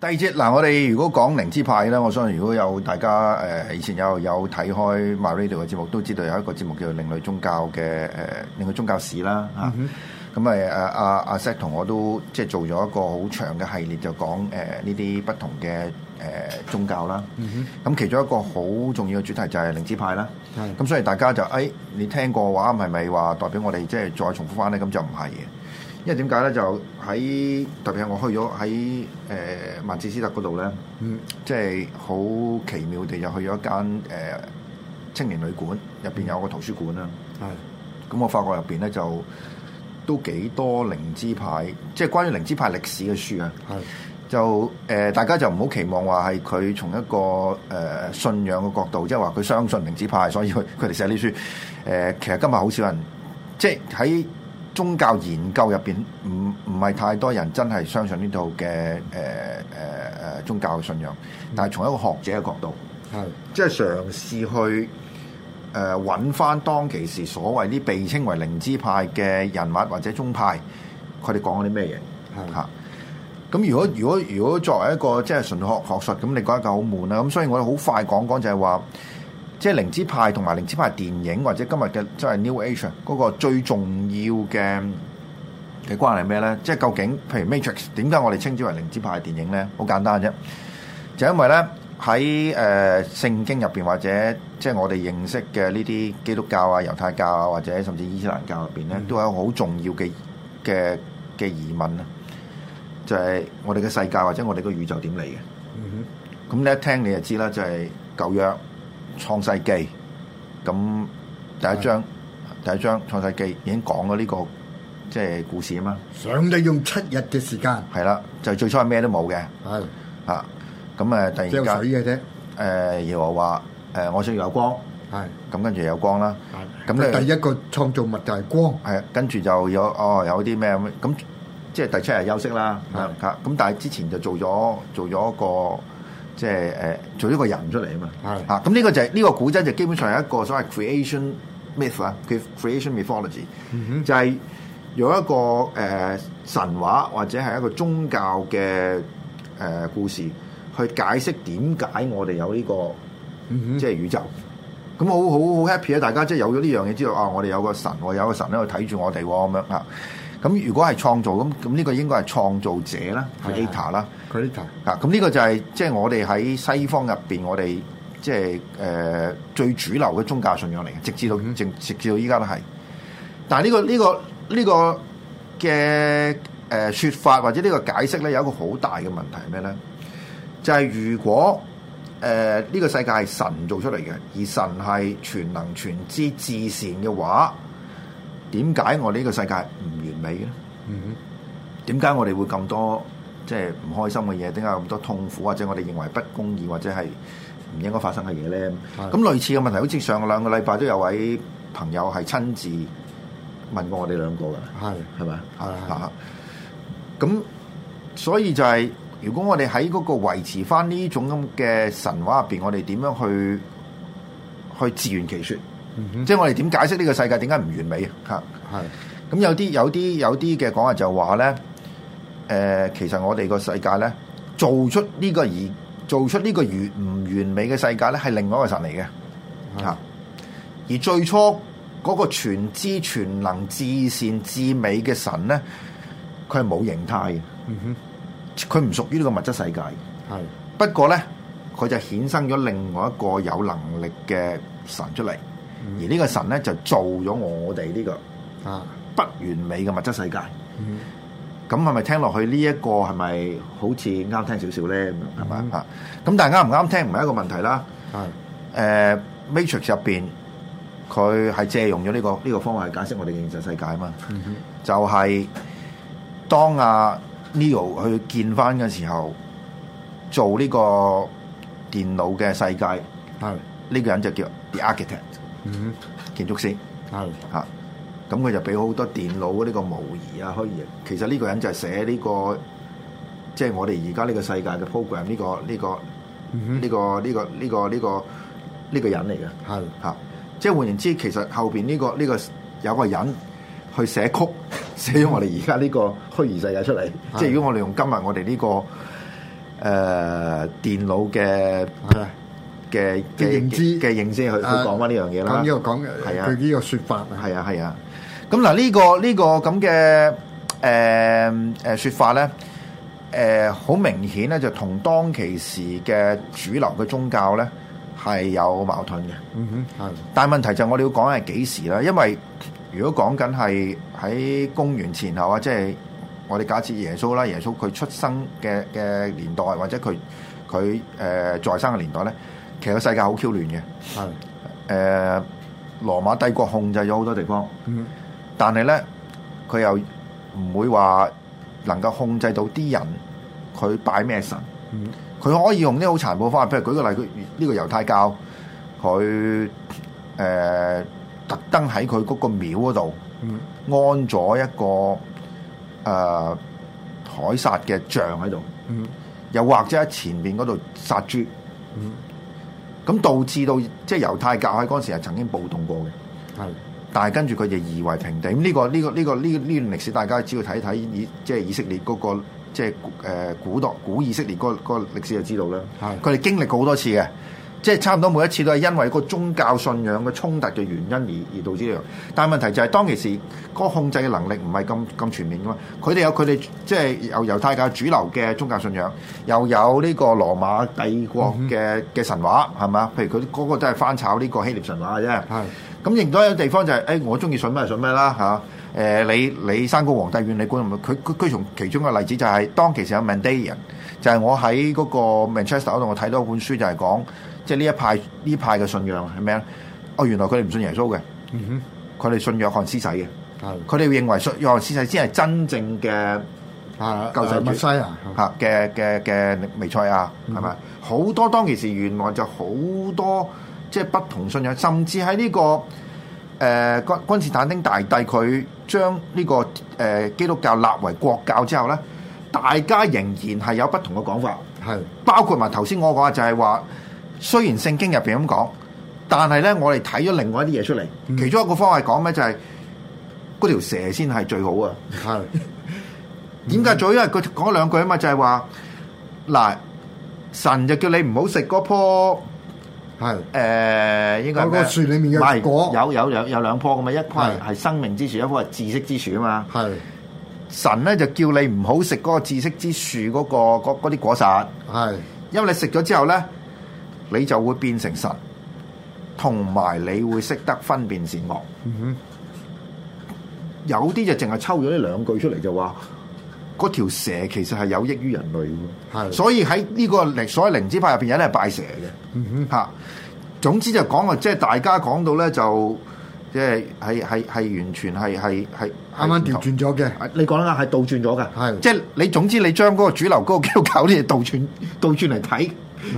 第二節。嗱，我哋如果講靈知派咧，我相信如果有大家誒、呃、以前有有睇開 MyRadio 嘅節目，都知道有一個節目叫做另類宗教嘅誒另類宗教史啦吓，咁咪誒阿阿 set 同我都即係做咗一個好長嘅系列，就講誒呢啲不同嘅誒、呃、宗教啦，咁、mm -hmm. 其中一個好重要嘅主題就係靈知派啦，咁、mm -hmm. 所以大家就誒、哎、你聽過話，係咪話代表我哋即係再重複翻咧？咁就唔係嘅。因為點解咧？就喺特別係我去咗喺誒曼徹斯特嗰度咧，即係好奇妙地又去咗一間誒、呃、青年旅館，入邊有一個圖書館啦。係。咁我發覺入邊咧就都幾多靈知派，即、就、係、是、關於靈知派歷史嘅書啊。係。就、呃、誒，大家就唔好期望話係佢從一個誒、呃、信仰嘅角度，即係話佢相信靈知派，所以佢佢哋寫呢書。誒、呃，其實今日好少人，即係喺。宗教研究入邊唔唔係太多人真係相信呢度嘅誒誒誒宗教嘅信仰，但係從一個學者嘅角度，係即係嘗試去誒揾翻當其時所謂啲被稱為靈知派嘅人物或者宗派，佢哋講啲咩嘢嚇？咁如果如果如果作為一個即係純學學術，咁你覺得夠好悶啦，咁所以我哋好快講講就係話。即係靈知派同埋靈知派電影，或者今日嘅即係 New Age 嗰個最重要嘅嘅關係咩咧？即係究竟譬如 Matrix 點解我哋稱之為靈知派電影咧？好簡單啫，就因為咧喺誒聖經入邊，或者即係我哋認識嘅呢啲基督教啊、猶太教啊，或者甚至伊斯蘭教入邊咧，都係一個好重要嘅嘅嘅疑問啊。就係我哋嘅世界或者我哋個宇宙點嚟嘅？咁你一聽你就知啦，就係舊約。創世記咁第一章，第一章創世記已經講咗呢個即係、就是、故事啊嘛。上帝用七日嘅時間係啦，就最初係咩都冇嘅係啊。咁誒，突然間水嘅啫。誒、呃，耶和華誒，我想要有光係，咁跟住有光啦。咁第一個創造物就係光，係跟住就有哦，有啲咩咁，即係第七日休息啦。吓咁、啊，但係之前就做咗做咗一個。即係誒做咗個人出嚟啊嘛，嚇咁呢個就係、是、呢、這個故事就基本上係一個所謂 creation myth 啊，creation mythology 就係用一個誒、呃、神話或者係一個宗教嘅誒、呃、故事去解釋點解我哋有呢、這個、mm -hmm. 即係宇宙。咁好好好 happy 啊！大家即係有咗呢樣嘢知道啊，我哋有個神，有個神喺度睇住我哋咁樣啊。咁如果係創造咁咁呢個應該係創造者啦，Creator 啦，Creator。咁呢個就係即係我哋喺西方入面，我哋即係誒最主流嘅宗教信仰嚟嘅，直至到正，直至到依家都係。但係呢個呢個呢個嘅誒説法或者呢個解釋咧，有一個好大嘅問題係咩咧？就係如果誒呢個世界係神做出嚟嘅，而神係全能全知至善嘅話。點解我哋呢個世界唔完美嘅？嗯、點解我哋會咁多即係唔開心嘅嘢？點解咁多痛苦或者我哋認為不公義或者係唔應該發生嘅嘢咧？咁類似嘅問題，好似上兩個禮拜都有位朋友係親自問過我哋兩個嘅，係係咪啊？咁所以就係、是、如果我哋喺嗰個維持翻呢種咁嘅神話入邊，我哋點樣去去自圓其說？即係我哋點解釋呢個世界點解唔完美吓，係咁有啲有啲有啲嘅講話就話咧，誒、呃，其實我哋個世界咧，做出呢、這個而做出呢個完唔完美嘅世界咧，係另外一個神嚟嘅啊。而最初嗰、那個全知全能至善至美嘅神咧，佢係冇形態嘅，嗯、哼，佢唔屬於呢個物質世界。係不過咧，佢就衍生咗另外一個有能力嘅神出嚟。而呢個神咧就做咗我哋呢個不完美嘅物質世界。咁係咪聽落去呢一個，係咪好似啱聽少少咧？咁樣係咪啊？咁但係啱唔啱聽，唔係一個問題啦。呃、《Matrix》入邊，佢係借用咗呢、呢個呢、呢個方法去解釋我哋嘅現實世界啊嘛。嗯、就係、是、當阿、啊、Neo 去見翻嘅時候，做呢個電腦嘅世界，呢、呢個人就叫 The Architect。嗯、mm -hmm.，建築師係吓，咁、啊、佢就俾好多電腦呢個模擬啊，虛擬、啊。其實呢個人就係寫呢個，即、就、係、是、我哋而家呢個世界嘅 program 呢、呢個呢、呢個呢、mm -hmm. 呢個呢、呢個呢、呢個呢個呢個人嚟嘅。係吓、啊，即係換言之，其實後邊呢、呢個呢、呢個有個人去寫曲，寫、mm、咗 -hmm. 我哋而家呢個虛擬世界出嚟。即係如果我哋用今日我哋呢、呢個誒、呃、電腦嘅。嘅嘅認知嘅認知去、啊、去講翻呢樣嘢啦，講呢個講嘅係啊，佢呢個説法係啊係啊。咁嗱、啊啊這個這個呃呃、呢個呢個咁嘅誒誒説法咧，誒、呃、好明顯咧就同當其時嘅主流嘅宗教咧係有矛盾嘅。嗯哼，係。但係問題就係我哋要講係幾時啦？因為如果講緊係喺公元前後啊，即係我哋假設耶穌啦，耶穌佢出生嘅嘅年代或者佢佢誒在生嘅年代咧。其實個世界好 Q 亂嘅，誒、呃，羅馬帝國控制咗好多地方，mm -hmm. 但係咧，佢又唔會話能夠控制到啲人佢拜咩神，佢、mm -hmm. 可以用啲好殘暴嘅方法，譬如舉個例，佢、這、呢個猶太教佢誒、呃、特登喺佢嗰個廟嗰度安咗一個誒、mm -hmm. 呃、凱撒嘅像喺度，mm -hmm. 又或者喺前面嗰度殺豬。Mm -hmm. 咁導致到即係、就是、猶太教喺嗰陣時係曾經暴動過嘅，係，但係跟住佢就夷為平地。咁、這、呢個呢、這個呢、這個呢呢、這個、段歷史，大家只要睇睇以即係、就是、以色列嗰、那個即係、就是呃、古代古以色列嗰、那個那個歷史就知道啦。係，佢哋經歷過好多次嘅。即係差唔多每一次都係因為一個宗教信仰嘅衝突嘅原因而而導致呢樣。但係問題就係當其時個控制嘅能力唔係咁咁全面㗎嘛。佢哋有佢哋即係由猶太教主流嘅宗教信仰，又有呢個羅馬帝國嘅嘅神話係嘛？譬如佢嗰個都係翻炒呢個希臘神話啫。係咁，另一個地方就係、是、誒、哎，我中意信咩就信咩啦嚇。誒、啊，你你山高皇帝遠你管佢。佢佢從其中嘅例子就係當其時有 m a n d 就係我喺嗰個 Manchester 度，我睇到一本書就係講。即係呢一派呢派嘅信仰係咩咧？哦，原來佢哋唔信耶穌嘅，佢、嗯、哋信約翰施洗嘅，佢哋認為信約翰施洗先係真正嘅救世主，吓嘅嘅嘅彌賽亞係咪？好、啊嗯、多當其時原來就好多即係、就是、不同信仰，甚至喺呢、這個誒君君士坦丁大帝佢將呢個誒、呃、基督教立為國教之後咧，大家仍然係有不同嘅講法，係包括埋頭先我講話就係話。雖然聖經入邊咁講，但係咧，我哋睇咗另外一啲嘢出嚟。嗯、其中一個方法講咩就係、係、嗰條蛇先係最好啊。係點解？咗、嗯、因為佢講兩句啊嘛，就係話嗱，神就叫你唔好食嗰棵係誒、呃，應該係、嗰個、樹裡面嘅果有有有兩有兩棵咁嘛，一樖係生命之樹，係一樖係知識之樹啊嘛。係神咧就叫你唔好食嗰個知識之樹嗰、嗰個嗰啲果實係，因為你食咗之後咧。你就會變成神，同埋你會識得分辨善惡。嗯。有啲就淨係抽咗呢兩句出嚟，就話嗰條蛇其實係有益於人類。所以喺呢個所謂靈知派入面，一定係拜蛇嘅。嗯、哼、啊，總之就講話，即係大家講到咧，就即係係係係完全係係啱啱調轉咗嘅。你講啦係倒轉咗嘅，即係你總之你將嗰個主流嗰個結構啲嘢倒轉倒轉嚟睇，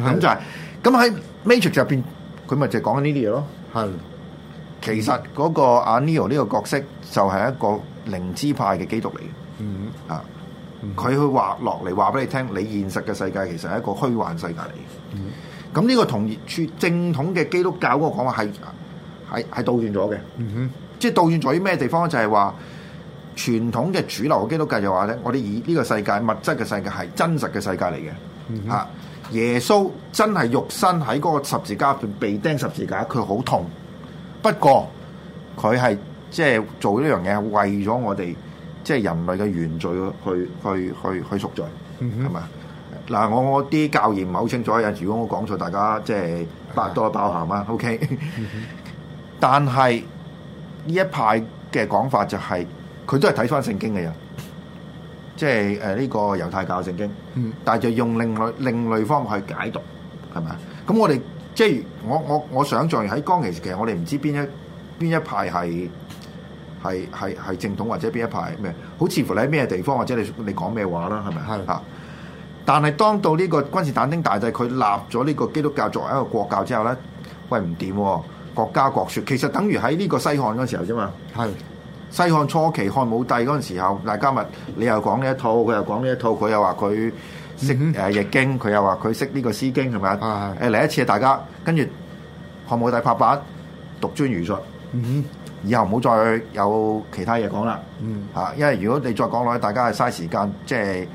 咁就係咁喺 Matrix 入邊，佢咪就講緊呢啲嘢咯。係，其實嗰個阿 Neo 呢個角色就係一個靈知派嘅基督嚟嘅。嗯，啊，佢去話落嚟話俾你聽，你現實嘅世界其實係一個虛幻世界嚟嘅。咁、嗯、呢個同正正統嘅基督教嗰個講法係係係倒轉咗嘅。哼、嗯，即係倒轉在於咩地方咧？就係話傳統嘅主流基督教就話咧，我哋以呢個世界物質嘅世界係真實嘅世界嚟嘅。嗯、嗯、啊耶穌真係肉身喺嗰個十字架入邊被釘十字架，佢好痛。不過佢係即係做呢樣嘢，為咗我哋即係人類嘅原罪去去去去贖罪，係、嗯、咪？嗱，我我啲教言唔係好清楚啊，如果我講錯，大家即係多多包涵啊。OK，嗯、但係呢一派嘅講法就係、是、佢都係睇翻聖經嘅人。即係誒呢個猶太教聖經，但係就用另類另類方法去解讀，係咪啊？咁我哋即係我我我想象喺剛其時，其實我哋唔知邊一邊一派係係係係正統或者邊一派咩？好似乎你喺咩地方或者你你講咩話啦，係咪啊？但係當到呢個君士坦丁大帝佢立咗呢個基督教作為一個國教之後咧，喂，唔掂各家各說，其實等於喺呢個西漢嗰時候啫嘛。係。西漢初期，漢武帝嗰陣時候，大家物你又講呢一套，佢又講呢一套，佢又話佢識誒、嗯啊、易經，佢又話佢識呢個《詩經》是不是，係咪？誒嚟一次啊！大家跟住漢武帝拍板，獨尊儒術、嗯，以後唔好再有其他嘢講啦。嚇、嗯啊，因為如果你再講落去，大家係嘥時間，即係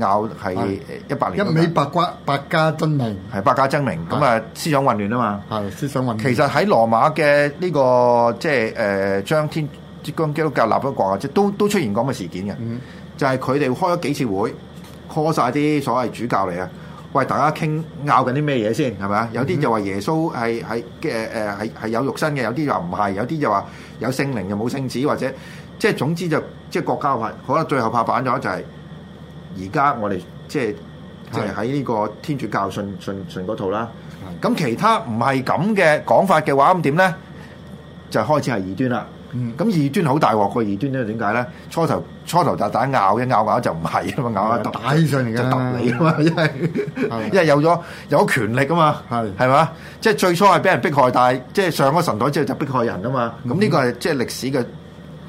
拗係一百年一味八卦百家爭鳴，係百家爭鳴咁啊！思想混亂啊嘛，係思想混亂。其實喺羅馬嘅呢、這個即係誒、呃、將天。浙江基督教立咗國，即都都出現咁嘅事件嘅、嗯，就係佢哋開咗幾次會，call 晒啲所謂主教嚟啊！喂，大家傾拗緊啲咩嘢先係咪啊？有啲就話耶穌係係嘅誒係係有肉身嘅，有啲又唔係，有啲就話有聖靈又冇聖子，或者即係總之就即係國家法，可能最後拍板咗就係而家我哋即係即係喺呢個天主教信信信嗰套啦。咁、嗯、其他唔係咁嘅講法嘅話，咁點咧就開始係異端啦。咁、嗯、異端好大鑊，個異端因為為呢係點解咧？初頭初頭大大咬咬咬咬咬打打拗一拗拗就唔係啊嘛，拗一打起上嚟嘅，就揼你啊嘛，即係即係有咗有咗權力啊嘛，係係嘛，即係最初係俾人逼害，但係即係上咗神台之後就逼害人噶嘛，咁、嗯、呢個係即係歷史嘅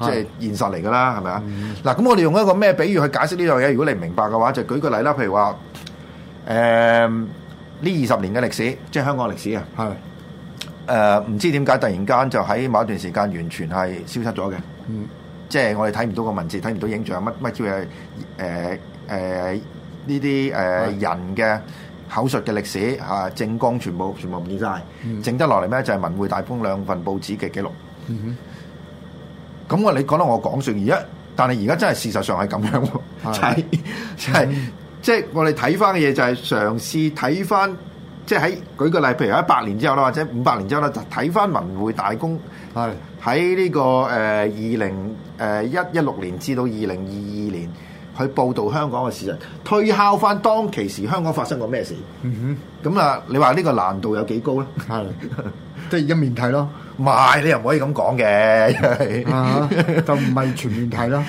即係現實嚟噶啦，係咪啊？嗱，咁、嗯、我哋用一個咩比喻去解釋呢樣嘢？如果你唔明白嘅話，就舉個例啦，譬如話誒呢二十年嘅歷史，即係香港歷史啊，係。誒、呃、唔知點解突然間就喺某一段時間完全係消失咗嘅，嗯、即係我哋睇唔到個文字，睇唔到影像，乜乜叫嘢誒誒呢啲誒人嘅口述嘅歷史嚇政綱全部全部唔見曬，嗯、剩得落嚟咩？就係文匯大風兩份報紙嘅記錄。咁、嗯、我你講得我講笑而家，但係而家真係事實上係咁樣，係係即係我哋睇翻嘅嘢就係嘗試睇翻。即係舉個例，譬如一百年之後啦，或者五百年之後啦，就睇翻文匯大公喺呢、呢個誒二零誒一一六年至到二零二二年去報導香港嘅事實，推敲翻當其時香港發生過咩事。咁、嗯、啊，你話呢個難度有幾高咧？係，即係 一面睇咯。唔你又唔可以咁講嘅，就唔係全面睇咯。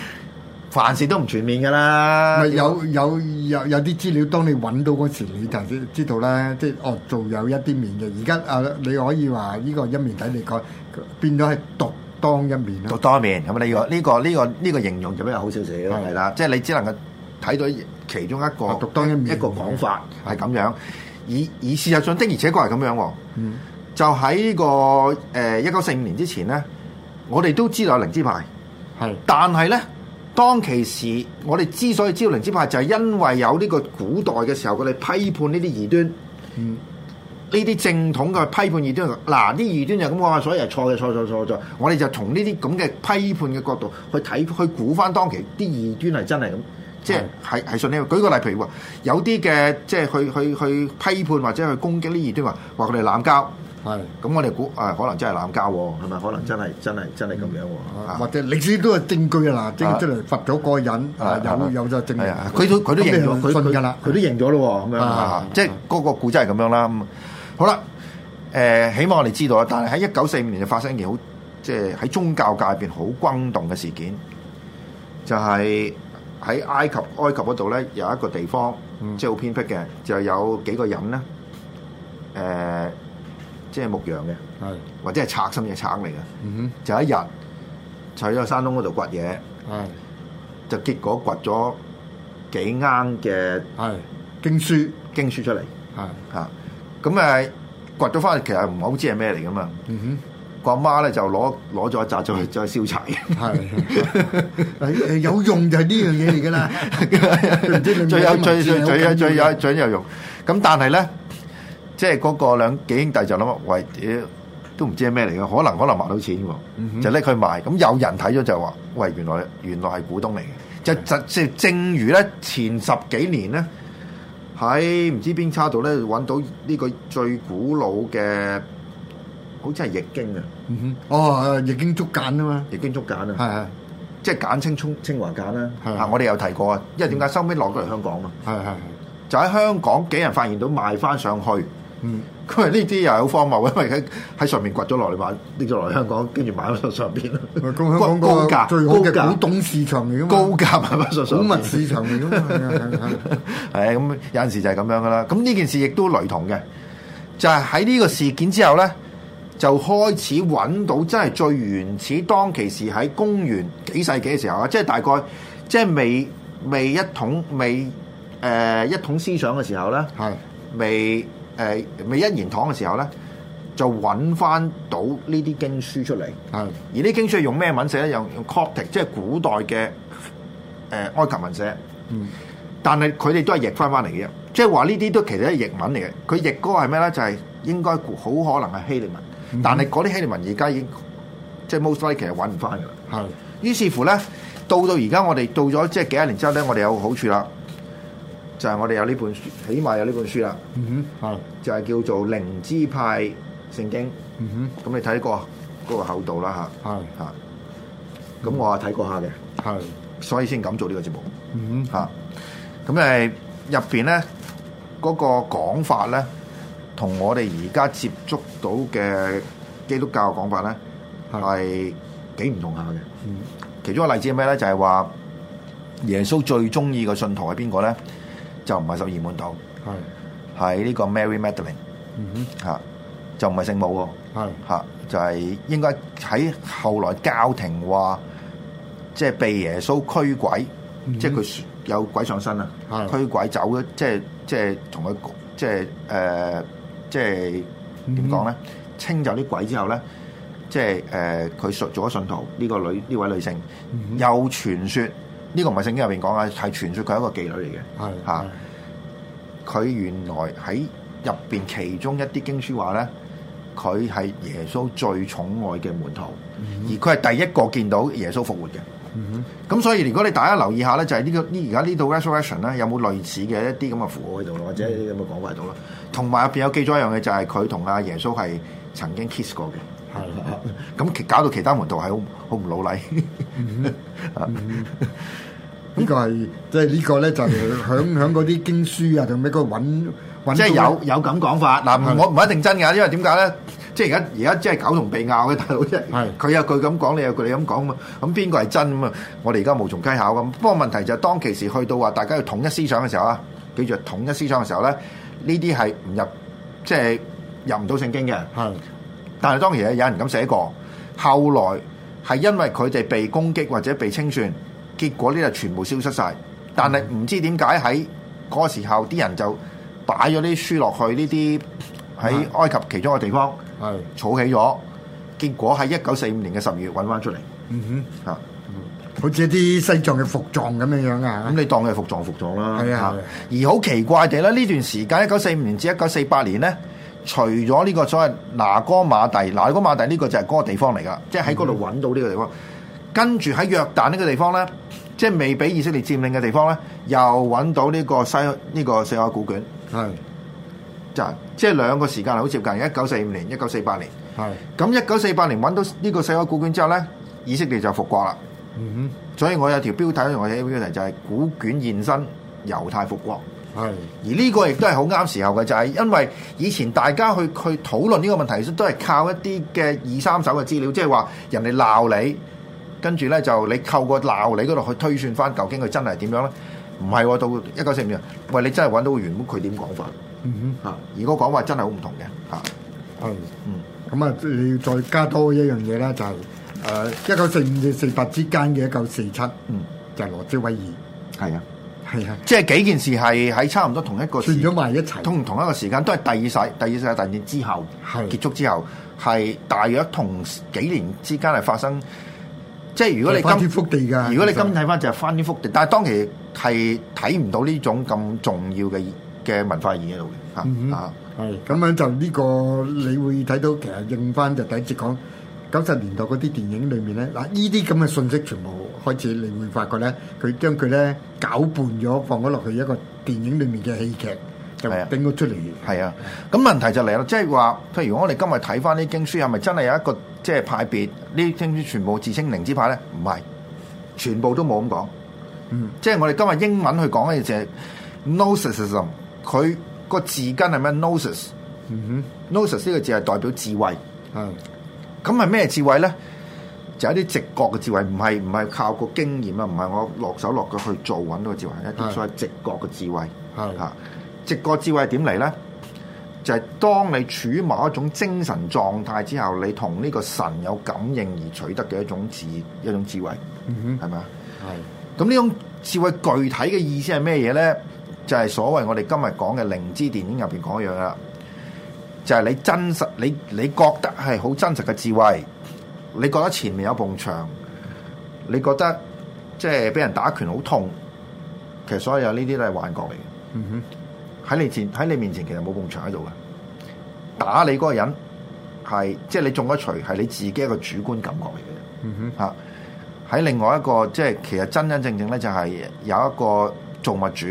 凡事都唔全面㗎啦，有有有有啲資料，當你揾到嗰時你就知知道啦，即係哦仲有一啲面嘅。而家啊你可以話呢個一面睇，你改變咗係獨當一面啦。獨當一面咁你呢、呢個呢、呢個呢、呢個呢、呢個形容有就比較好少少。咯，係啦，即係你只能夠睇到其中一個獨當一面一個講法係咁樣，以以事實上的而且確係咁樣喎。嗯，就喺、呢個誒一九四五年之前咧，我哋都知道有靈知派，但係咧。當其時，我哋之所以招靈之派，就係因為有呢個古代嘅時候，佢哋批判呢啲異端，呢啲正統嘅批判異端。嗱、啊，呢啲異端就咁話，所以係錯嘅，錯錯錯錯。我哋就從呢啲咁嘅批判嘅角度去睇，去估翻當其時啲異端係真係咁，即係係係信呢個。舉個例，譬如話有啲嘅，即係去去去批判或者去攻擊呢異端，話話佢哋濫交。係，咁我哋估啊，可能真係濫交喎，係咪？可能真係，真係，真係咁樣喎、啊。或者歷史都係證據啊，嗱，即係出嚟罰咗個人，啊啊、有有就證據。佢、啊啊啊、都佢、嗯、都認咗，佢佢啦，佢都認咗咯。咁、啊啊啊啊啊啊啊就是、樣，即係嗰個古真係咁樣啦。咁好啦，誒、呃，起碼我哋知道啦。但係喺一九四五年就發生一件好，即係喺宗教界入邊好轟動嘅事件，就係、是、喺埃及埃及嗰度咧，有一個地方即係好偏僻嘅，就有幾個人咧，誒、呃。即係牧羊嘅，或者係賊心嘅鏟嚟嘅，就一日去咗山窿嗰度掘嘢，就結果掘咗幾啱嘅經書經書，經書出嚟，吓咁誒掘咗返去，其實唔好知係咩嚟噶嘛，個阿媽咧就攞攞咗一紮去燒，再燒柴，係 有用就係呢樣嘢嚟噶啦，最有最最最有最有，最有，最，有，最，有最有用，咁 但係咧。即係嗰個兩幾兄弟就諗啊，喂，屌都唔知係咩嚟嘅，可能可能賣到錢嘅，就拎佢賣。咁有人睇咗就話，喂，原來原來係股東嚟嘅。就就即係正如咧，前十幾年咧，喺唔知邊叉度咧搵到呢個最古老嘅，好似係易經啊。嗯哼，哦，易經竹簡啊嘛，易經竹簡啊，係啊，即係簡稱中清華簡啦。係啊，我哋有提過啊，因為點解收尾落咗嚟香港嘛？係係係，就喺香港幾人發現到賣翻上去。嗯，佢係呢啲又有荒謬，因為喺喺上面掘咗落嚟買，拎咗落香港，跟住買咗上邊。高價，最高嘅古董市場高價市嚟嘛？咁、嗯、 有陣時就係咁樣㗎啦。咁呢件事亦都雷同嘅，就係喺呢個事件之後咧，就開始揾到真係最原始當其時喺公元幾世紀嘅時候啊，即、就、係、是、大概即係、就是、未未一統未一統思想嘅時候咧，未。呃誒、呃、未一言堂嘅時候咧，就揾翻到呢啲經書出嚟。係，而呢啲經書係用咩文寫咧？用用 Coptic，即係古代嘅誒、呃、埃及文寫。嗯，但係佢哋都係譯翻翻嚟嘅啫。即係話呢啲都其實係譯文嚟嘅。佢譯嗰個係咩咧？就係、是、應該好可能係希臘文。嗯、但係嗰啲希臘文而家已經即係 most likely 其實揾唔翻㗎啦。係。是的，於是乎咧，到到而家我哋到咗即係幾十年之後咧，我哋有好處啦。就係我哋有呢本書，起碼有呢本書啦。嗯哼，係就係叫做《靈知派聖經》。嗯哼，咁你睇過嗰個厚度啦，嚇係嚇。咁我啊睇過下嘅，係，所以先敢做呢個節目。嗯哼，嚇。咁誒入邊咧嗰個講法咧，同我哋而家接觸到嘅基督教嘅講法咧係幾唔同下嘅。嗯，其中一個例子係咩咧？就係話耶穌最中意嘅信徒係邊個咧？就唔係十二門徒，係喺呢個 Mary Magdalene 嚇、嗯，就唔係聖母喎，嚇就係、是、應該喺後來教廷話，即、就、係、是、被耶穌驅鬼，即係佢有鬼上身啊、嗯，驅鬼走咗，即係即係同佢即係誒即係點講咧？清走啲鬼之後咧，即係誒佢信做咗信徒呢、這個女呢位女性，又、嗯、傳說。呢、這個唔係聖經入邊講嘅，係傳說佢係一個妓女嚟嘅，吓、佢、啊、原來喺入邊其中一啲經書話咧，佢係耶穌最寵愛嘅門徒，嗯、而佢係第一個見到耶穌復活嘅。咁、嗯、所以如果你大家留意一下咧，就係、是、呢、這個呢而家呢度 resurrection 咧，有冇類似嘅一啲咁嘅符號喺度或者是這樣的有冇講法喺度咯？同埋入邊有記載一樣嘢，就係佢同阿耶穌係曾經 kiss 過嘅，咁、嗯啊、搞到其他門徒係好好唔老禮。呢、呢個係即係呢個咧，就係、是、響響嗰啲經書啊，同咩嗰揾即係有有咁講法嗱，我唔一定真嘅，因為點解咧？即係而家而家即係狗同被咬嘅大佬，即係佢有句咁講，你有句你咁講嘛？咁邊個係真咁啊？我哋而家無從稽考咁。不過問題就係當其時去到話，大家要統一思想嘅時候啊，叫做統一思想嘅時候咧，呢啲係唔入，即、就、係、是、入唔到聖經嘅。係，但係當然有人咁寫過，後來係因為佢哋被攻擊或者被清算。結果呢就全部消失晒，但係唔知點解喺嗰個時候啲人就擺咗啲書落去呢啲喺埃及其中嘅地方，係儲起咗。結果喺一九四五年嘅十二月揾翻出嚟。嗯哼，吓，好似一啲西藏嘅服藏咁樣樣。咁你當佢係服藏服藏啦。係啊，而好奇怪地咧，呢段時間一九四五年至一九四八年咧，除咗呢個所謂拿哥馬蒂，拿哥馬蒂呢個就係嗰個地方嚟噶，即係喺嗰度揾到呢個地方。嗯嗯跟住喺約旦呢個地方咧，即係未俾以色列佔領嘅地方咧，又揾到呢個西呢、這個死海古卷，是就是、即係兩個時間係好接近，一九四五年、一九四八年，係。咁一九四八年揾到呢個死海古卷之後咧，以色列就復國啦。嗯哼，所以我有條標題，我寫啲標題就係古卷現身，猶太復國。係。而呢個亦都係好啱時候嘅，就係、是、因為以前大家去去討論呢個問題都係靠一啲嘅二三手嘅資料，即係話人哋鬧你。跟住咧就你透過鬧你嗰度去推算翻究竟佢真係點樣咧？唔係、啊、到一九四五年，喂，你真係揾到個原本佢點講法？嗯哼，啊，如果講法真係好唔同嘅，嗯嗯，咁啊要再加多一樣嘢啦，就誒一九四五至四八之間嘅一九四七，嗯，就係、羅斯威爾，係啊，係啊，即係幾件事係喺差唔多同一個串咗埋一齊，同同一個時間，同同個時間都係第二次，第二次大戰之後結束之後，係大約同幾年之間係發生。即係如果你今，如果你今睇翻就係翻天覆地，但係當其係睇唔到呢種咁重要嘅嘅文化嘢喺度嘅嚇嚇，係咁樣就呢個你會睇到，其實應翻就第一節講九十年代嗰啲電影裏面咧，嗱，呢啲咁嘅信息全部開始，你會發覺咧佢將佢咧攪拌咗放咗落去一個電影裏面嘅戲劇。係啊，掟咗出嚟。係啊，咁問題就嚟喇。即係話，譬如我哋今日睇翻啲經書，係咪真係有一個即係派別？啲經書全部自稱靈知派咧，唔係，全部都冇咁講。嗯，即係我哋今日英文去講嘅嘢，係 Gnosticism 佢個字根係咩？Gnosis。Gnosis, 嗯哼 Gnosis 個字係代表智慧。咁係咩智慧咧？就係一啲直覺嘅智慧，唔係唔係靠個經驗啊，唔係我落手落腳去做揾到個智慧，一啲所謂直覺嘅智慧。直覺智慧點嚟咧？就係、是、當你處於某一種精神狀態之後，你同呢個神有感應而取得嘅一種智一種智慧，係咪啊？係。咁呢種智慧具體嘅意思係咩嘢咧？就係、是、所謂我哋今日講嘅《靈知電影》入邊講嘅樣啦。就係你真實你你覺得係好真實嘅智慧，你覺得前面有埲牆，你覺得即係俾人打拳好痛，其實所有呢啲都係幻覺嚟嘅。嗯哼。喺你前喺你面前，其實冇埲牆喺度嘅，打你嗰個人係即係你中咗除，係你自己一個主觀感覺嚟嘅。哼、mm -hmm. 啊，嚇喺另外一個即係其實真真正正咧，就係有一個造物主，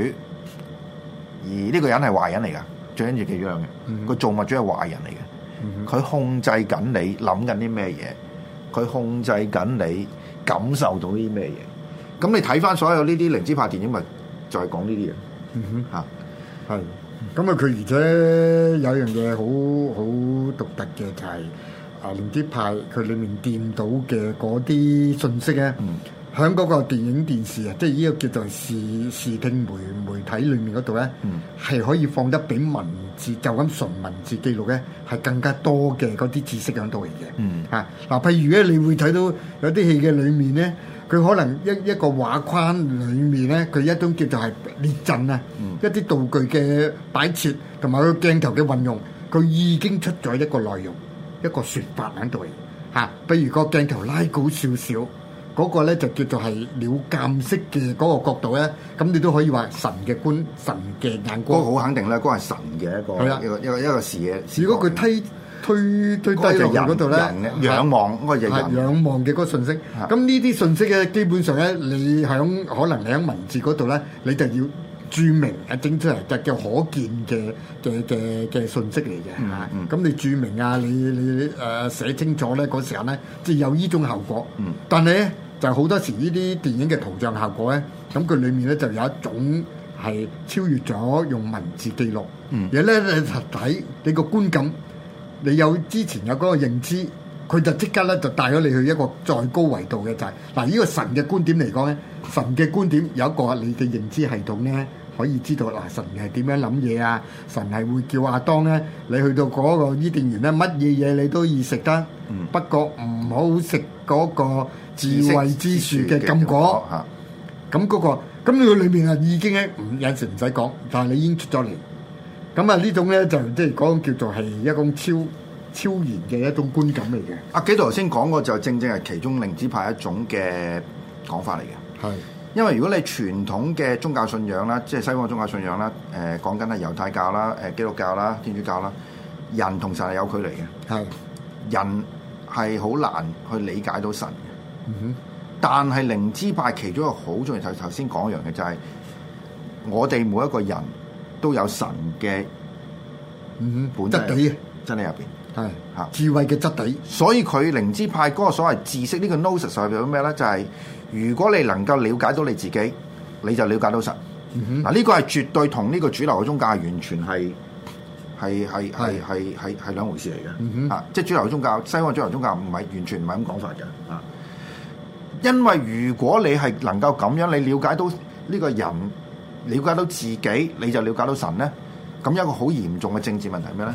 而呢個人係壞人嚟嘅，最緊要其中一樣嘅。個、mm -hmm. 造物主係壞人嚟嘅，佢控制緊你什麼，諗緊啲咩嘢？佢控制緊你，感受到啲咩嘢？咁你睇翻所有呢啲靈知派電影，咪就係講呢啲嘢。哼、mm -hmm. 啊，嚇。係，咁啊佢而且有樣嘢好好獨特嘅就係啊，連啲派佢裡面掂到嘅嗰啲信息咧，喺、嗯、嗰個電影電視啊，即係呢個叫做視視聽媒媒體裏面嗰度咧，係、嗯、可以放得比文字就咁純文字記錄咧，係更加多嘅嗰啲知識響度嚟嘅。嚇、嗯，嗱、啊、譬如咧，你會睇到有啲戲嘅裏面咧。佢可能一一個畫框裏面咧，佢一種叫做係列陣啊、嗯，一啲道具嘅擺設同埋個鏡頭嘅運用，佢已經出咗一個內容，一個説法喺度嚇。譬、啊、如個鏡頭拉高少少，嗰、那個咧就叫做係鳥瞰式嘅嗰個角度咧，咁你都可以話神嘅觀神嘅眼光。嗰、那個好肯定啦，嗰、那個係神嘅一個係啦一個,一個,一,個一個視野。如果佢睇。推推低落，那個，人嗰度咧，仰望，嗰仰望嘅個信息。咁呢啲信息咧，基本上咧，你響可能你喺文字嗰度咧，你就要注明啊，整出嚟就叫可見嘅嘅嘅嘅信息嚟嘅嚇。咁、嗯嗯、你注明啊，你你誒寫清楚咧，嗰時候咧，即係有呢種效果。嗯、但係咧，就好多時呢啲電影嘅圖像效果咧，咁佢裏面咧就有一種係超越咗用文字記錄。而、嗯、咧你實體你個觀感。你有之前有嗰個認知，佢就即刻咧就帶咗你去一個再高維度嘅，就係嗱，呢個神嘅觀點嚟講咧，神嘅觀點有一個你嘅認知系統咧，可以知道嗱，神係點樣諗嘢啊，神係會叫阿當咧，你去到嗰個伊甸園咧，乜嘢嘢你都易食得，不過唔好食嗰個智慧之樹嘅禁果吓。咁嗰、嗯嗰個咁佢裏面啊已經咧有時唔使講，但係你已經出咗嚟。咁啊，呢、就是、種咧就即係講叫做係一種超超然嘅一種觀感嚟嘅。阿、啊、紀陶頭先講過就正正係其中靈知派一種嘅講法嚟嘅。係，因為如果你傳統嘅宗教信仰啦，即係西方宗教信仰啦，誒、呃，講緊係猶太教啦、誒基督教啦、天主教啦，人同神係有距離嘅。係，人係好難去理解到神嘅。嗯、哼，但係靈知派其中一個好重要，係頭先講一樣嘅就係、是，我哋每一個人都有神嘅本質底嘅，質底入邊係吓，智慧嘅質底。所以佢靈知派個所謂知識、這個、gnosis，謂是什麼呢個 gnosis 係代表咩咧？就係、是、如果你能夠了解到你自己，你就了解到神。嗱、嗯，呢、啊這個係絕對同呢個主流嘅宗教係完全係係係係係係兩回事嚟嘅、嗯。啊，即、就、係、是、主流宗教，西方主流宗教唔係完全唔係咁講法嘅。啊，因為如果你係能夠咁樣，你了解到呢個人。了解到自己，你就了解到神咧。咁有一個好嚴重嘅政治問題咩咧？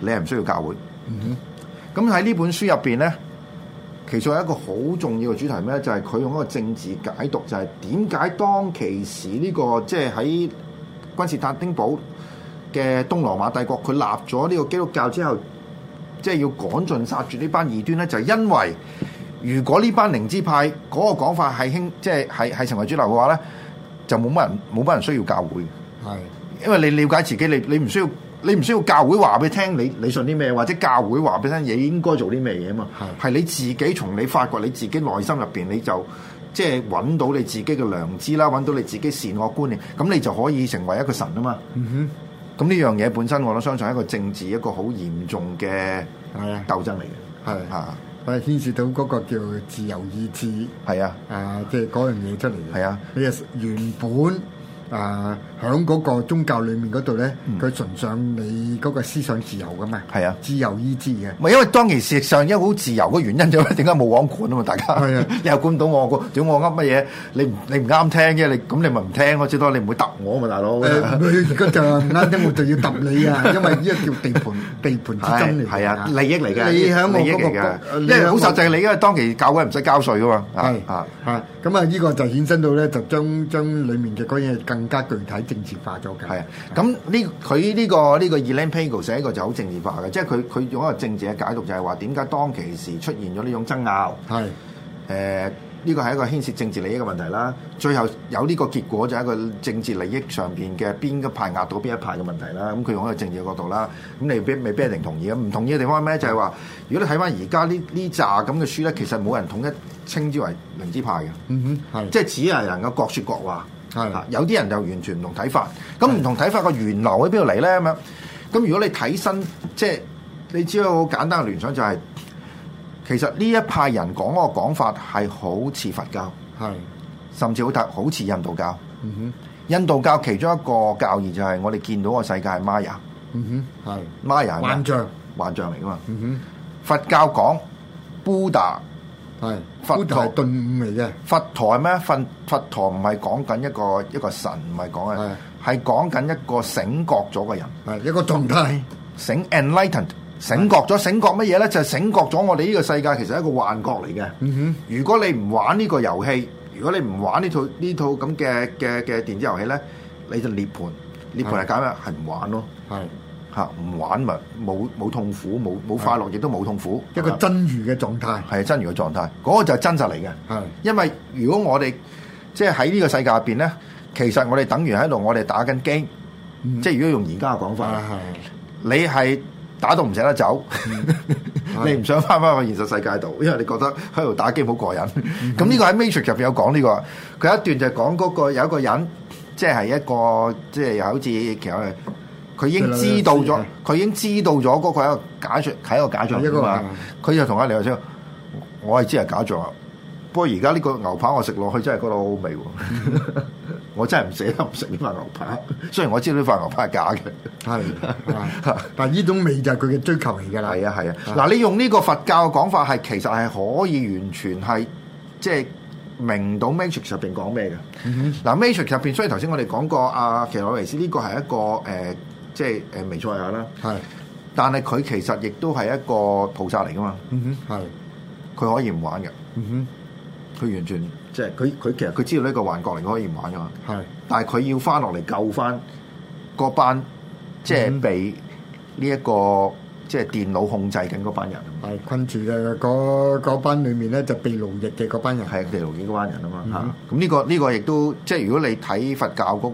你係唔需要教會。咁喺呢本書入邊咧，其實係一個好重要嘅主題咩，就係、是、佢用一個政治解讀，就係點解當其時呢、呢個即係喺君士坦丁堡嘅東羅馬帝國，佢立咗呢個基督教之後，即、就、係、是、要趕盡殺絕呢班異端咧，就係、是、因為如果呢班靈知派嗰個講法係興，即係係係成為主流嘅話咧。就冇乜人冇乜人需要教會係，因為你了解自己，你你唔需要，你唔需要教會話俾你聽，你你信啲咩，或者教會話俾你聽，你應該做啲咩嘢啊嘛，係，係你自己從你發覺你自己內心入邊，你就即係揾到你自己嘅良知啦，揾到你自己善惡觀念，咁你就可以成為一個神啊嘛，嗯哼，咁呢樣嘢本身我都相信係一個政治一個好嚴重嘅鬥爭嚟嘅，係啊，係啊，係啊我係牽涉到嗰個叫自由意志，係啊，啊，即係嗰樣嘢出嚟嘅，係啊，呢個原本啊。喺嗰個宗教裏面嗰度咧，佢崇尚你嗰個思想自由噶嘛？係啊，自由意志嘅。唔因為當其事實上因為好自由嘅原因，就係點解冇王管啊嘛？大家、啊、 又管到我個，點我噏乜嘢？你你唔啱聽啫，你咁你咪唔聽，我最多你唔會揼我啊嘛，大佬。誒、呃，咁 就啱啱我就要揼你啊， 因為呢個叫地盤 地盤之爭嚟，係啊利益嚟嘅，利益嚟嘅。因為好實際，你因為當其時教會唔使交稅噶嘛。係咁啊，依、啊啊、個就衍生到咧，就將將裡面嘅嗰樣更加具體。政治化咗嘅，係啊，咁呢佢呢個呢、這個、這個、Elaine Pagels 寫一個就好政治化嘅，即係佢佢用一個政治嘅解讀，就係話點解當其時出現咗呢種爭拗，係誒呢個係一個牽涉政治利益嘅問題啦。最後有呢個結果就係一個政治利益上邊嘅邊一派壓到邊一派嘅問題啦。咁、嗯、佢用一個政治嘅角度啦，咁你未必一定同意啊。唔同意嘅地方係咩？就係、是、話如果你睇翻而家呢呢紮咁嘅書咧，其實冇人統一稱之為民主派嘅，嗯哼，是即係只係能夠各說各話。係，有啲人就完全唔同睇法，咁唔同睇法嘅源流喺邊度嚟咧？咁樣，咁如果你睇身，即係你知道好簡單嘅聯想就係、是，其實呢一派人講嗰個講法係好似佛教，係，甚至好大好似印度教。嗯、哼，印度教其中一個教義就係我哋見到個世界係 Maya。嗯哼，係 Maya 幻象，幻象嚟噶嘛？嗯、哼，佛教講 Buddha。布係佛陀頓悟嚟嘅，佛陀係咩？佛佛陀唔係講緊一個一個神，唔係講啊，係講緊一個醒覺咗嘅人，係一個狀態醒 enlightened，醒覺咗，醒覺乜嘢咧？就醒覺咗我哋呢個世界其實係一個幻覺嚟嘅。嗯哼，如果你唔玩呢個遊戲，如果你唔玩呢套呢套咁嘅嘅嘅電子遊戲咧，你就涅槃，涅槃係搞咩？係唔玩咯。係。吓，唔玩咪冇冇痛苦冇冇快樂，亦都冇痛苦，一個真如嘅狀態，係真如嘅狀態，嗰、那個就係真實嚟嘅。因為如果我哋即係喺呢個世界入面咧，其實我哋等於喺度，我哋打緊機。即係如果用而家嘅講法，你係打到唔捨得走， 你唔想翻返去現實世界度，因為你覺得喺度打機好過癮。咁呢個喺 Matrix 入面有講呢、這個，佢一段就係講嗰個有一個人，即係一個，即係又好似其他佢已經知道咗，佢已經知道咗嗰個係一個假象，係一個假象。佢、那個、就同阿李友超，我係知係假象啊！不過而家呢個牛扒我食落去真係覺得好好味喎， 我真係唔捨得唔食呢塊牛扒。雖然我知道呢塊牛扒係假嘅，係， 但係呢種味就係佢嘅追求嚟㗎啦。係啊係啊！嗱，你用呢個佛教嘅講法係，係其實係可以完全係即係明到 matrix 入邊講咩嘅。嗱 ，matrix 入邊，所以頭先我哋講過阿奇洛維斯呢個係一個誒。呃即係誒彌賽亞啦，係，但係佢其實亦都係一個菩薩嚟㗎嘛，嗯哼，係，佢可以唔玩嘅，嗯哼，佢完全即係佢佢其實佢知道呢個幻覺嚟，佢可以唔玩㗎嘛，係、嗯，但係佢要翻落嚟救翻嗰班即係、嗯就是、被呢、這、一個即係、就是、電腦控制緊嗰班人，係困住嘅嗰班裡面咧就被奴役嘅嗰班人，係被奴役嗰班人啊嘛，嚇、嗯，咁呢、這個呢、這個亦都即係如果你睇佛教嗰、那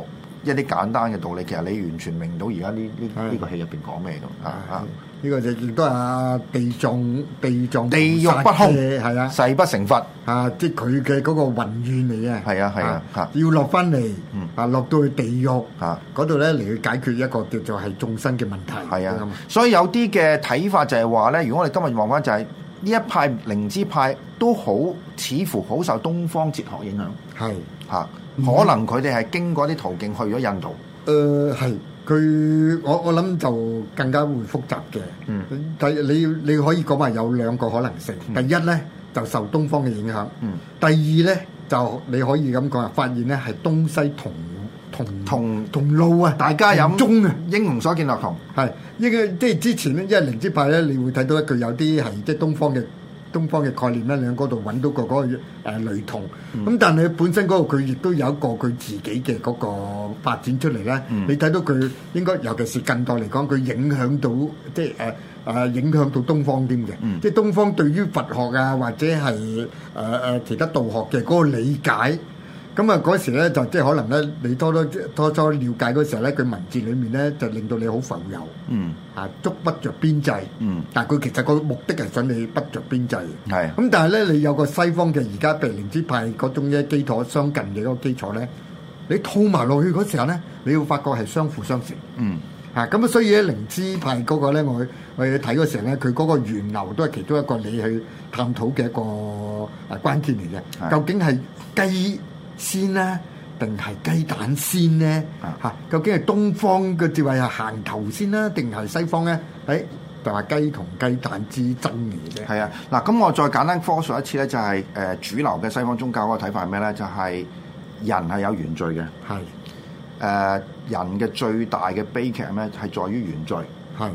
個。一啲簡單嘅道理，其實你完全明到而家呢呢呢個戲入邊講咩嘅，啊、呢個就係、啊！呢個就亦都係地藏地藏，地獄不空，係啊，誓不成佛係啊係啊那啊，即係佢嘅嗰個魂怨嚟嘅，係啊係啊，要落翻嚟啊，落、嗯、到去地獄啊，嗰度咧嚟去解決一個叫做係眾生嘅問題，係啊，所以有啲嘅睇法就係話咧，如果我哋今日望翻就係呢一派靈知派都好，似乎好受東方哲學影響，係嚇。可能佢哋係經過啲途徑去咗印度、嗯。誒、呃、係，佢我我諗就更加會複雜嘅。嗯，第你你可以講話有兩個可能性。第一咧就受東方嘅影響。嗯。第二咧就你可以咁講啊，發現咧係東西同同同同路啊，大家有中啊，英雄所見略同。係，呢個即係之前咧，因為靈知派咧，你會睇到一句有啲係即係東方嘅。東方嘅概念咧，你喺嗰度揾到個嗰個誒雷同，咁、嗯、但係本身嗰個佢亦都有一個佢自己嘅嗰個發展出嚟咧、嗯。你睇到佢應該尤其是近代嚟講，佢影響到即係誒誒影響到東方添嘅、嗯，即係東方對於佛學啊或者係誒誒其他道學嘅嗰個理解。咁啊，嗰時咧就即係可能咧，你初初初初瞭解嗰時候咧，佢文字裏面咧就令到你好浮遊，嗯，啊捉不著邊際，嗯，但係佢其實個目的係想你不著邊際，係。咁但係咧，你有個西方嘅而家譬如靈知派嗰種嘅基礎相近嘅一個基礎咧，你套埋落去嗰時候咧，你會發覺係相輔相成，嗯，啊咁啊，所以咧靈知派嗰個咧，我我哋睇嗰時候咧，佢嗰個源流都係其中一個你去探討嘅一個關鍵嚟嘅，究竟係基先咧，定係雞蛋先咧？嚇、啊，究竟係東方嘅智慧係行頭先啦，定係西方咧？誒、哎，就話雞同雞蛋之爭議啫。係啊，嗱，咁我再簡單科述一次咧、就是，就係誒主流嘅西方宗教嗰個睇法係咩咧？就係、是、人係有原罪嘅。係、啊。誒、呃，人嘅最大嘅悲劇咧，係在於原罪。係、啊。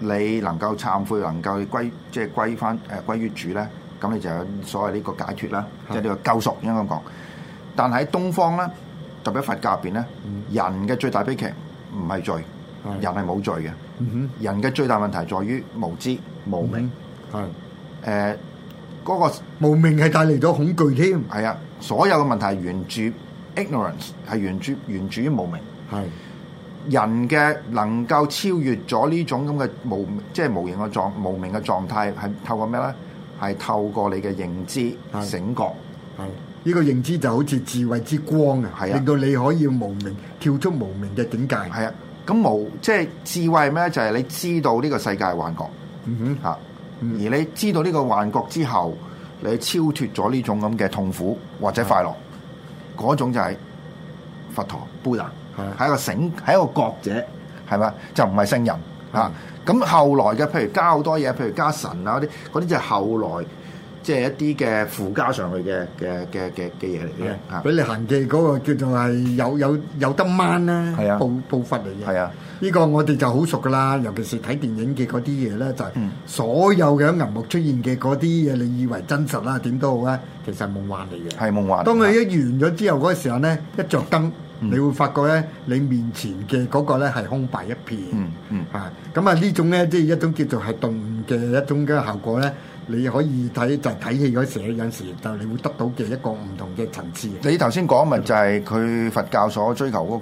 你能夠懺悔，能夠歸即係、就是、歸翻誒歸於主咧，咁你就有所謂呢個解脫啦，即係呢個救贖應該講。但喺東方咧，特別佛教入邊咧，人嘅最大悲劇唔係罪，人係冇罪嘅。人嘅、嗯、最大問題在於無知、無明，係，誒嗰個無明係、呃那個、帶嚟咗恐懼添。係啊，所有嘅問題係源於 ignorance，係源於源於無明的，係人嘅能夠超越咗呢種咁嘅無即係、就是、無形嘅狀無明嘅狀態，係透過咩咧？係透過你嘅認知的醒覺。係。呢、這個認知就好似智慧之光嘅、啊啊，令到你可以無明，跳出無明嘅境界。係啊，咁無即係智慧咩？就係你知道呢個世界係幻覺。嗯哼嚇、啊，而你知道呢個幻覺之後，你超脫咗呢種咁嘅痛苦或者快樂，嗰、啊、種就係佛陀、般若係一個醒，係一個覺者，係嘛？就唔係聖人嚇。咁、啊啊、後來嘅，譬如加好多嘢，譬如加神啊嗰啲，嗰啲就係後來。即係一啲嘅附加上去嘅嘅嘅嘅嘅嘢嚟嘅，嚇俾、嗯、你行嘅嗰個叫做係有有有得掹啦、啊，步步伐嚟嘅。呢、啊呢個我哋就好熟噶啦，尤其是睇電影嘅嗰啲嘢咧，就係、是、所有嘅銀幕出現嘅嗰啲嘢，你以為真實啦、啊，點都好咧，其實夢幻嚟嘅。係夢幻。當你一完咗之後嗰個時候咧，一着燈、嗯，你會發覺咧，你面前嘅嗰個咧係空白一片。嗯嗯。嚇咁啊！種呢種咧即係一種叫做係動嘅一種嘅效果咧。你可以睇就係睇戲嗰時有時，就係你會得到嘅一個唔同嘅層次。你頭先講咪就係佢佛教所追求嗰、那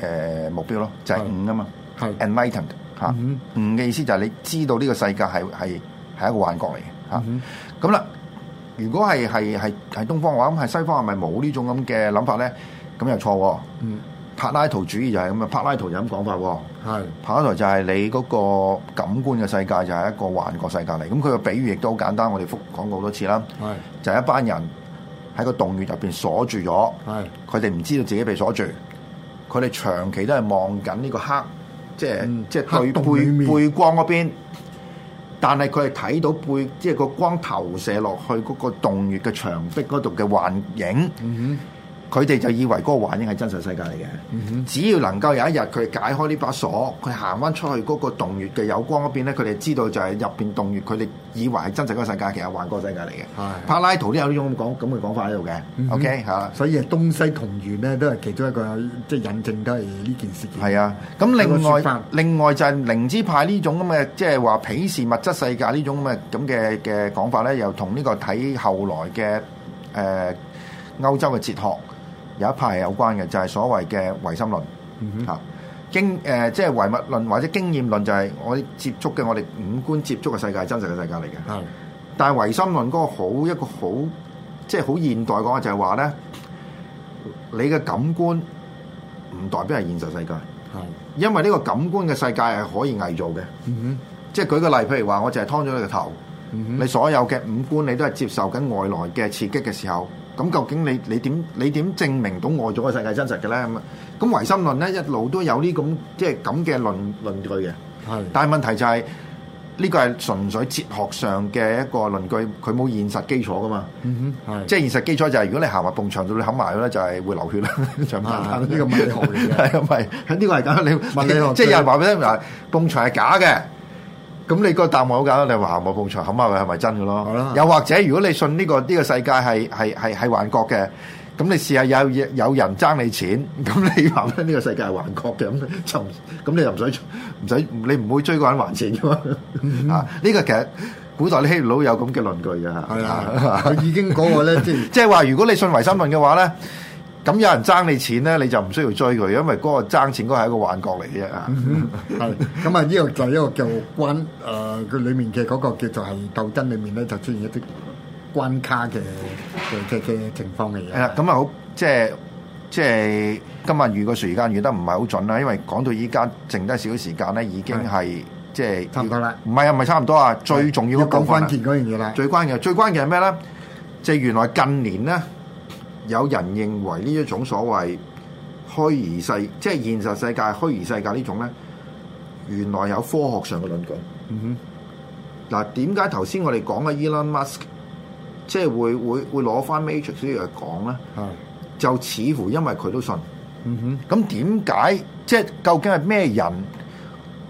個、呃、目標咯，就係悟啊嘛，係 enlightened 嚇、嗯。悟、啊、嘅意思就係你知道呢個世界係係係一個幻覺嚟嘅嚇。咁、啊、啦、嗯，如果係係係係東方，我諗係西方係咪冇呢種咁嘅諗法咧？咁又錯喎。嗯柏拉圖主義就係咁啊！柏拉圖就咁講法喎。係。柏拉圖就係你嗰個感官嘅世界就係一個幻覺世界嚟。咁佢嘅比喻亦都好簡單，我哋覆講過好多次啦。係。就係、是、一班人喺個洞穴入邊鎖住咗。係。佢哋唔知道自己被鎖住，佢哋長期都係望緊呢個黑，即係即係背背背光嗰邊。但係佢係睇到背，即、就、係、是、個光投射落去嗰個洞穴嘅牆壁嗰度嘅幻影。嗯哼佢哋就以為嗰個環境係真實世界嚟嘅，嗯，只要能夠有一日佢解開呢把鎖，佢行翻出去嗰個洞穴嘅有光嗰邊咧，佢哋知道就係入邊洞穴，佢哋以為係真實嗰個世界，其實係幻覺嘅世界嚟嘅。柏拉圖都有呢種講咁嘅講法喺度嘅。OK 係，所以東西同源咧都係其中一個即係引證都係呢件事情。係啊，咁另外、那個、另外就係靈知派呢種咁嘅即係話鄙視物質世界呢種咁嘅咁嘅嘅講法咧，又同呢個睇後來嘅誒、呃、歐洲嘅哲學。有一派係有關嘅，就係、是、所謂嘅唯心論嚇、嗯，經誒、呃、即係唯物論或者經驗論，就係我哋接觸嘅我哋五官接觸嘅世界，真實嘅世界嚟嘅。係，但係唯心論嗰個好一個好，即係好現代講嘅就係話咧，你嘅感官唔代表係現實世界，係，因為呢個感官嘅世界係可以偽造嘅。嗯、哼，即係舉個例，譬如話我淨係劏咗你個頭、嗯，你所有嘅五官你都係接受緊外來嘅刺激嘅時候。咁究竟你你點你點證明到外在嘅世界真實嘅咧？咁啊，咁唯心論咧一路都有啲咁即係咁嘅論論據嘅。係。但係問題就係呢個係純粹哲學上嘅一個論據，佢冇現實基礎噶嘛。嗯哼。係。即係現實基礎就係如果你行埋埲牆度你冚埋佢咧，就係會流血啦。埲牆呢個迷堂嚟嘅。係咁咪？咁呢個係咁。你迷堂即係有人話俾你聽，埋埲牆係假嘅。咁你那個答案好簡單，你話無妄妄想，咁啊係咪真嘅咯？又或者如果你信呢、這個呢、這個世界係係係係幻覺嘅，咁你試下有有人爭你錢，咁你話咩呢個世界係幻覺嘅，咁就咁你又唔使唔使你唔會追嗰個人還錢嘛、嗯？啊、呢、這個其實古代啲希臘佬有咁嘅論據啊，已經講我咧即係即係話， 如果你信為新論嘅話咧。咁有人爭你錢咧，你就唔需要追佢，因為嗰個爭錢嗰個係一個幻覺嚟嘅啊。咁 啊，呢個就一個叫關誒，佢、呃、裡面嘅嗰個叫做係鬥爭裏面咧，就出現一啲關卡嘅嘅嘅情況嘅。嘢。係啦，咁啊好，即係即係今日預個時間預得唔係好準啦，因為講到依家剩低少少時間咧，已經係即係唔係啊？唔係差唔多啊！最重要講關鍵嗰樣嘢啦，最關鍵、最關鍵係咩咧？即係原來近年咧。有人認為呢一種所謂虛擬世，即係現實世界虛擬世界這種呢種咧，原來有科學上嘅論據。嗯哼，嗱點解頭先我哋講嘅 Elon Musk 即係會會會攞翻 Matrix 去講咧？就似乎因為佢都信。嗯哼，咁點解即係究竟係咩人？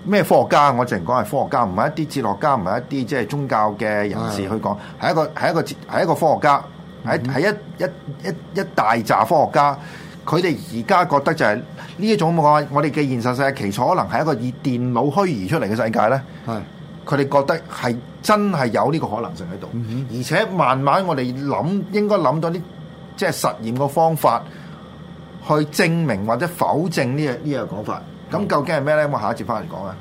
咩科學家？我淨係講係科學家，唔係一啲哲學家，唔係一啲即係宗教嘅人士去講，係一個係一個係一個科學家。喺喺一一一一大紮科學家，佢哋而家覺得就係呢一種咁講，我哋嘅現實世界其實可能係一個以電腦虛擬出嚟嘅世界咧。係，佢哋覺得係真係有呢個可能性喺度、嗯，而且慢慢我哋諗應該諗到啲即係實驗嘅方法去證明或者否證呢個呢個講、這個、法。咁、嗯、究竟係咩咧？我下一節翻嚟講啊！